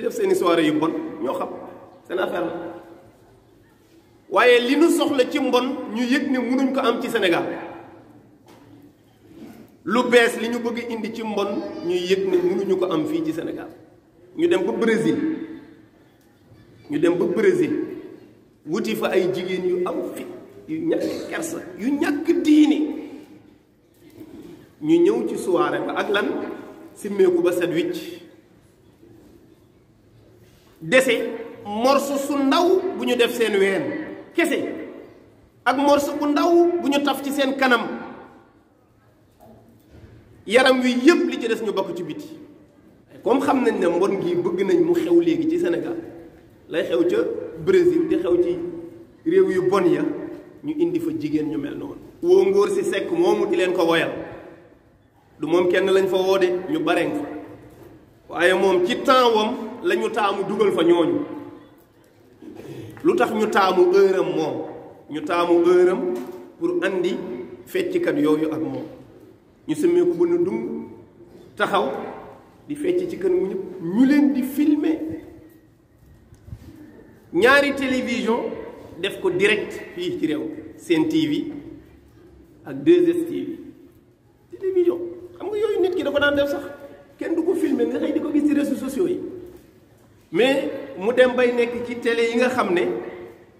di def seen i soirée yu mbon ñoo xam seen affaire la waaye li nu soxla ci mbon ñu yëg ne mënuñ ko am ci senegal lu bees li ñu bëgg indi ci mbon ñu yëg ne mënuñu ko am fii ci senegal ñu dem ba Brésil ñu dem ba Brésil wuti fa ay jigéen yu am fit yu ñàkk kersa yu ñàkk diini ñu ñëw ci soirée ba ak lan simmeeku ba set wicc dese morso su ndaw bu ñu def seen ween kese ak morso bu ndaw bu ñu taf ci seen kanam yaram wi yëpp li ci des ñu bokk ci biti comme xam nañ ne mbon gi bëgg nañ mu xew léegi ci Sénégal lay xew ca Brésil di xew ci réew yu bon ya ñu indi fa jigéen ñu mel noonu woo ngóor si sekk moomu di leen ko woyal du moom kenn lañ fa woo ñu bareŋ fa waaye moom ci temps wam la ñu taamu dugal fa ñooñu lu tax ñu taamu ëram moom ñu taamu ëram pour andi fecckat yooyu ak moom ñu sëmmeeku bën a dung taxaw di fecc ci kër mu ñëpp ñu leen di filme ñaari télévision def ko direct fii ci réew seen TV ak 2STV télévision xam nga yooyu nit ki da ko daan def sax kenn du ko filmer nga xëy di ko gis ci réseaux sociaux yi mais mu dem bay nekk ci télé yi nga xam ne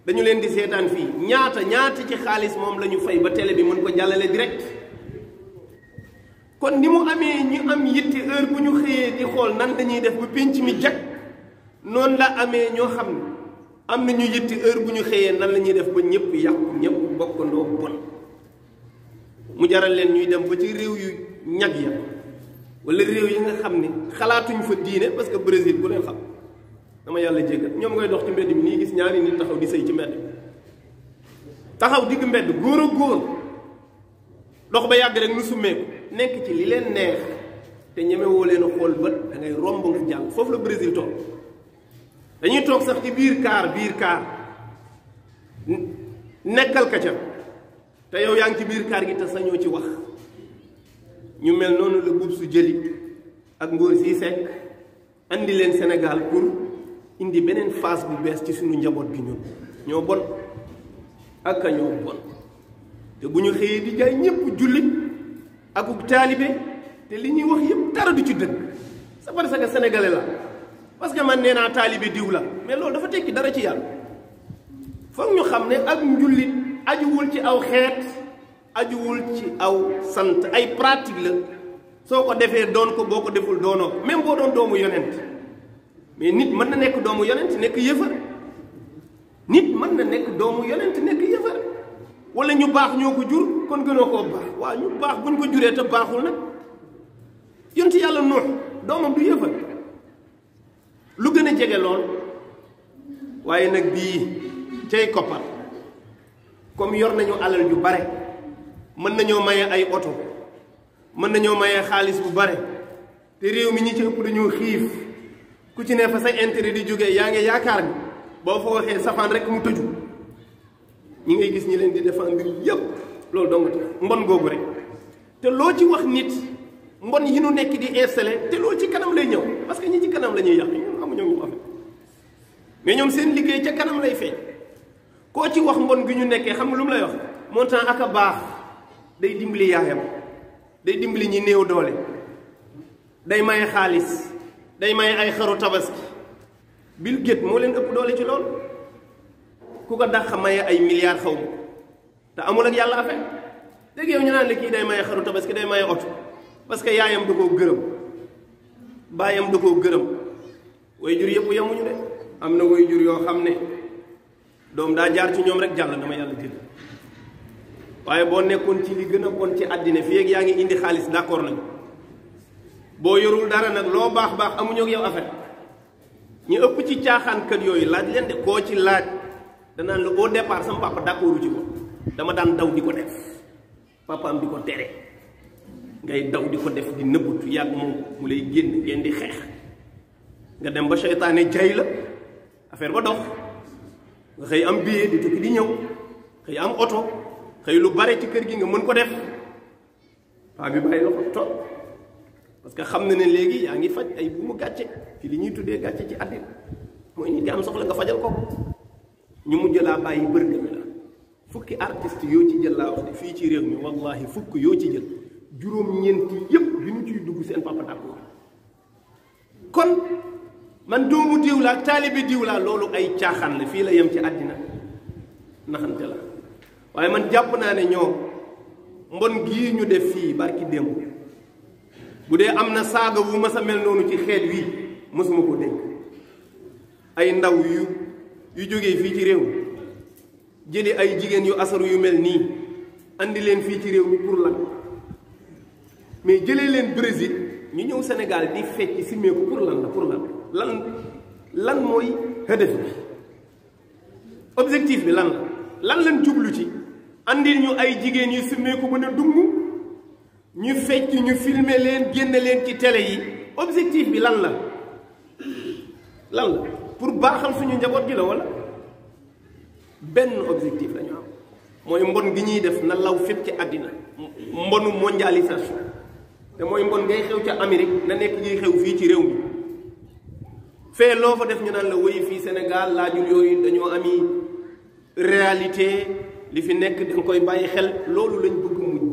dañu leen di seetaan fii ñaata ñaata ci xaalis moom la ñu fay ba télé bi mën ko jàllale direct kon ni mu amee ñu am yitte heure bu ñu xëyee di xool nan lañuy def bu pénc mi jag noonu la amee ñoo xam am na ñu heure bu ñu xëyee nan la ñuy def ba ñëpp yàqu ñëpp bokkandoo bon mu jaral leen ñuy dem ba ci réew yu ñag ya wala réew yi nga xam ne xalaatuñ fa diine parce que Brésil ku leen xam dama yàlla jéggal ñoom ngay dox ci mbedd mi nii gis ñaari nit taxaw di sëy ci mbedd taxaw digg mbedd góor ak góor dox ba yàgg rekk nu summeeku nekk ci li leen neex te ñeme leen xool bët da romb nga jàll foofu la Brésil toog dañuy toog sax ci biir kaar biir kaar nekkal ka ca te yow yaa ngi ci biir kaar gi te sañoo ci wax ñu mel noonu la buub su jëli ak ngóor si sekk andi leen Sénégal pour indi beneen phase bu bees ci suñu njaboot gi ñun ñoo bon ak ñoo bon te bu ñu xëyee di jaay ñëpp jullit akuk taalibe te li ñuy wax yëpp dara du ci dëgg c'est parce que sénégalais la parce que man nee naa taalibe diw la mais loolu dafa tekki dara ci yàlla foog ñu xam ne ak njullit ajuwul ci aw xeet ajuwul ci aw sant ay pratique la soo ko defee doon ko boo ko deful doonoo même boo doon doomu yonent mais nit mën na nekk doomu yonent nekk yëfër nit mën na nekk doomu yonent nekk yëfër wala ñu baax ñoo ko jur kon gënoo koo baax waaw ñu baax buñ ko juree te baaxul nag yonent yàlla noox doomam du yëfër lu gën a jege lool waaye nag bii tey koppar comme yor nañu alal yu bare mën nañoo maye ay oto mën nañoo maye xaalis bu bare te réew mi ñu ci ëpp dañoo xiif ku ci ne fa sa intérêt di jógee yaa ngi yaakaar ni boo fa waxee safaan rek mu tëju ñi ngay gis ñi leen di défendre yëpp loolu dong mbon googu rek te loo ci wax nit mbon yi nu nekk di installé te loo ci kanam lay ñëw parce que ñi ci kanam la ñuy yàq ñoom amuñu mais ñoom seen liggéey ca kanam lay feeñ koo ci wax mbon gi ñu nekkee xam nga lu mu lay wax montant ak a baax day dimbali yaayam day dimbali ñi néew doole day maye xaalis. day may ay xaru tabaski Bill Gates moo leen ëpp doole ci loolu ku ko dàq maye ay milliard xaw ma te amul ak yàlla affaire dégg yow ñu naan la kii day maye xaru tabaski day maye oto parce que yaayam da koo gërëm bàyyam da koo gërëm way jur yëpp yemuñu de am na way jur yoo xam ne doom daa jaar ci ñoom rek jàll dama yàlla jël waaye boo nekkoon ci li gën a bon ci àddina fii ak yaa ngi indi xaalis d' accord nañu bo yorul dara nak lo bax bax amuñu ak yow affaire ñi ëpp ci tiaxan kër yoy laaj leen de ko ci laaj nan la au départ sama papa d'accordu ci ko dama daan daw di def papa di diko téré ngay daw di def di neubut yag moom mu lay genn genn di xex nga dem ba shaytané jey la affaire ba dox nga xey am billet di tukki di ñew xey am auto xey lu bari ci kër gi nga mën ko def bi bay lo ko parce que xamna na ne léegi yaa ngi faj ay bu mu gatché fi li ñuy tuddé gatché ci àddina mooy nit ki am soxla nga fajal ko ñu jëla bayyi bërgë bërgëm la fukki artiste yo ci jël la wax ne ci réew mi wallahi fukk yo ci jël juroom ñeenti yépp bi ñu ci dugg seen papa dàq kon man doomu diiw la talibi diiw la lolu ay tiaxan la fi la yem ci adina naxante la waye man japp na ne ñoo mbon gi ñu def fi barki dembu bu dee am na saaga bu mës a mel noonu ci xeet wi mësuma koo dégg ay ndaw yu yu jógee fii ci réew jëli ay jigéen yu asaru yu mel nii andi leen fii ci réew mi pour lan mais jëlee leen Brésil ñu ñëw senegal di fecc simmeeku pour lan la pour lan lan lan mooy hëdëf bi objectif bi lan la lan lan jublu ci andil ñu ay jigéen yu simeeku mën ne dung ñu fecc ñu filmer leen génne leen ci télé yi objectif bi lan la lan la pour baaxal suñu njaboot gi la wala objectif la ñu am mooy mbon gi ñuy def na law fépp ci mbonu mondialisation te mooy mbon ngay xew ca Amérique na nekk ñuy xew fii ci réew mi fee fa def ñu naan la fii Sénégal laajul yooyu dañoo ami réalité li fi nekk danga koy bàyyi xel loolu lañ bëgg mu